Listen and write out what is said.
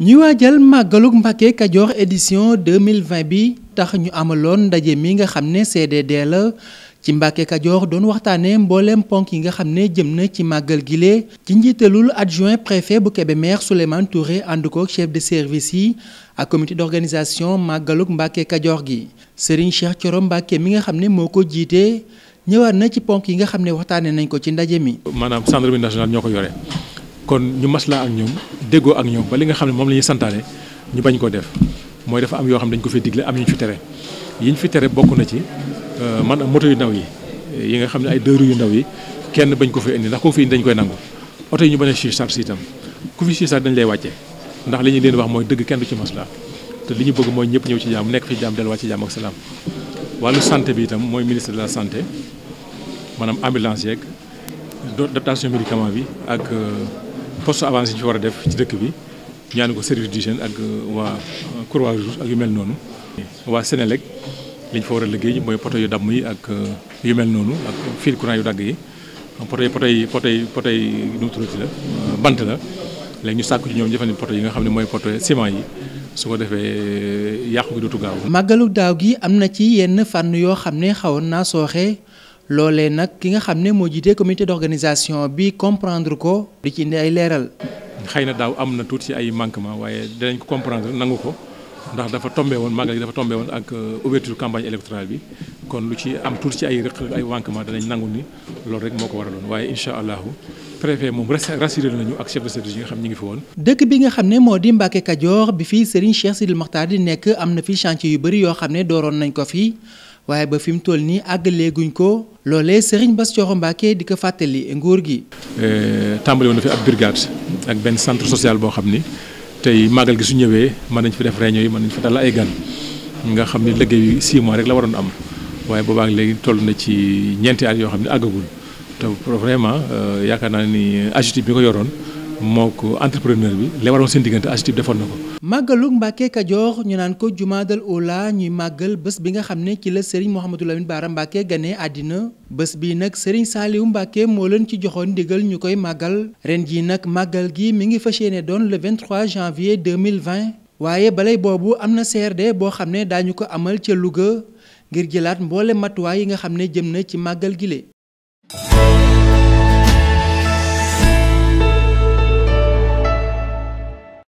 ñuy waajal màggalug Mbàkke Kajoor édition 2020 bi tax ñu amaloon ndaje mi nga xam ne CDD la ci Mbàkke Kajoor doon waxtaanee mbooleem ponk yi nga xam ne jëm na ci màggal gile ci njiitalul adjoint préfet bu Kébémer Souleymane Touré ànd koog chef de service yi ak comité d'organisation màggalug Mbàkke Kajoor gi Serigne Cheikh coro Mbàkke mi nga xam ne moo ko jiite ñëwaat na ci ponk yi nga xam ne waxtaanee nañ ko ci ndaje mi. maanaam gendarmerie nationale ñoo ko yore kon ñu maslaa ak ñoom. déggoo ak ñoom ba li nga xam ne moom la ñuy santaane ñu bañ koo def mooy dafa am yoo xam ne dañ ko fee digle am ñu fi tere yi ñu fi tere bokk na ci euh, man a moto yu ndaw yi yi nga xam ne ay deux roues yu ndaw yi kenn bañ ko fi indi ndax ko fi indi dañ koy nangu oto ñu bañ a surcharge si itam fi surcharge dañ lay wàcce ndax li ñu leen wax mooy dëgg kenn du ci masla te li ñu bëgg mooy ñëpp ñëw ci jàmm nekk fi jàmm delluwaat ci jàmm ak salaam wàllu santé bi itam mooy ministre de la santé maanaam ambulance yeeg dotation médicament bi ak euh, poste avancé yi ñu fi war a def ci dëkk bi ñaanu ko service d'hygiène ak euh, waa euh, Croix Rouge ak yu mel noonu. waa Sénélec li ñu fa war a liggéey mooy poto yu damm yi ak euh, yu mel noonu ak fil courant yu dagg yi poto yi poto yi poto yi la bant la léegi ñu sàkku ci ñoom jëfandikoo poto yi nga xam ne mooy poto ciment yi. su ko defee yàqu gi dootu gaaw. màggalu daaw gi am na ci yenn fànn yoo xam ne xawoon naa sooxe loolee nag ki nga xam ne moo jiite comité d'organisation bi comprendre ko di ci indi ay leeral. xëy na daaw am na tuuti ci ay manquement waaye danañ ko comprendre nangu ko ndax dafa tombé woon màggal gi dafa tombé woon ak euh, ouverture campagne électorale bi kon lu ci am tuuti ci ay rëq ay manquement danañ nangu ni loolu rek moo ko waraloon waaye incha allahu. préfet moom rassuré nañu ak chef de service yi nga xam ñu ngi fi woon. dëkk bi nga xam ne moo di Mbacke Kajoor bi fii Serigne Cheikh Sidil Mokhtar di nekk am na fi chantier yu bëri yoo xam ne dooroon nañ ko fii waaye ba fi mu toll nii àggaleeguñ ko loolee Serigne Bass Thioro Mbacké di ko fàttali nguur gi. Eh, tàmbali woon na fi ab brigade ak benn centre social boo xam ni tey màggal gi su ñëwee mën nañ fi def réunion yi mën nañ fa dal ay gan nga xam ni liggéey bi mois rek la waroon am waaye boobaak léegi toll na ci ñeenti at yoo xam ne àggagul te vraiment euh, yaakaar naa ni agité bi ko yoroon. moo ko entrepreneur bi li waroon seen diggante AGETIP defoon na ko. màggalug Mbacke Kajoor ñu naan ko jumaadal ola ñuy màggal bés bi nga xam ne ci la Serigne Mouhamadou Lamine Bara Mbacke gane àddina bés bii nag Serigne Saliou Mbacke moo leen ci joxoon ndigal ñu koy màggal ren jii nag màggal gi mi ngi fas yéene doon le 23 janvier 2020 waaye balay boobu am na CRD boo xam ne daañu ko amal ca Louga ngir jëlaat mboole matuwaay yi nga xam ne jëm na ci màggal gile.